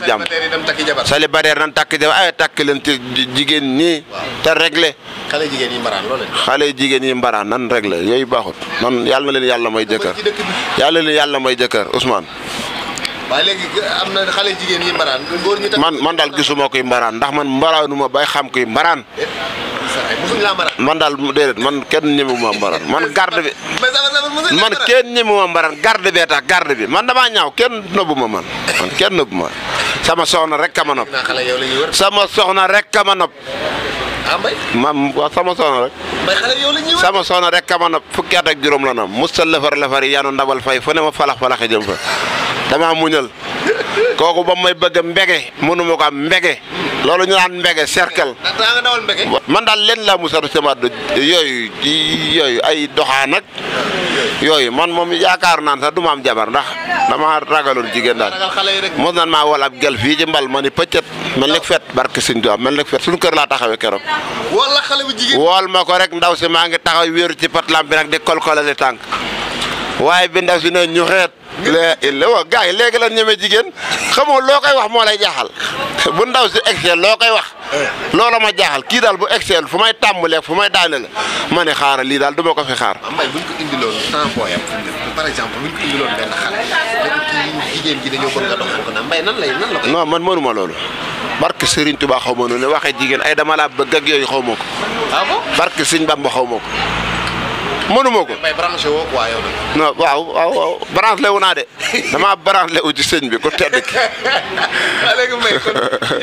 jàppal jàmm célibataire nan takki jabar ay ah, takki leen te jigéen ñi te réglé xale jigéen yi mbaraan loolu xale jigéen yi mbaraan nan réglé yooyu baaxut nan yàlla na leen yàlla may jëkkër yàlla na leen yàlla may jëkkër Ousmane man man daal gisuma koy mbaraan ndax man mbaraanu ma bay xam koy eh, mbaraan man daal déedéet man kenn ñemewuma mbaraan man garde bi man kenn ñemewuma mbaraan garde bee tax garde bi man damaa ñaaw kenn nëbbu ma man man kenn nëbbu ma sama soxna rek ka ma nopp. sama soxna rek ka ma nopp. Ah, sama soxna rek. sama soxna rek ka ma nopp fukki at ak juróom la noom musal lafar lafar yi ndabal fay fu ne ma falax falax jëm fa dama muñal kooku ba may bëgg mbege mënuma ko am mbege loolu ñu naan mbege cercle man daal leen laa musal sama yooyu yooyu ay doxa ak yooyu man moom yaakaar naan sax du ma am jabar ndax dama ragaloon jigéen daal mos nan maa wol ab gel fii ci mbal ma ni pëccët mel ni fet barke suñ doom mel ni fet suñu kër laa taxawee keroog wool ma ko rek ndaw si maa ngi taxaw wéeru ci patlam bi nag di kolkolali tànk waye bi ndaw si ne ñu xet le le wa gaay legi la ñeme jigen xamoo lo koy wax mo lay jaxal bu ndaw ci excel lo koy wax loolu ma jaxal ki dal bu excel fu may tambule fu may daane la ma ne xaaral lii daal du ma ko fi xaar. mbay bu ñu ko indiloon temps par exemple buñ ko indi lool ben benn xale ki jigen gi dañu bëgg nga dox ko na mbay nan lay nan la ko. non man mënuma loolu. barke Serigne Touba xawmo no ne waxe jigen ay dama la bëgg ak yoy xaw ko. barke Serigne Bamba xaw ko. mënuma ko. mais branché woo quoi yow de. non waaw waaw waaw branché wu naa de damaa branché wu ci bi ko tedd ki.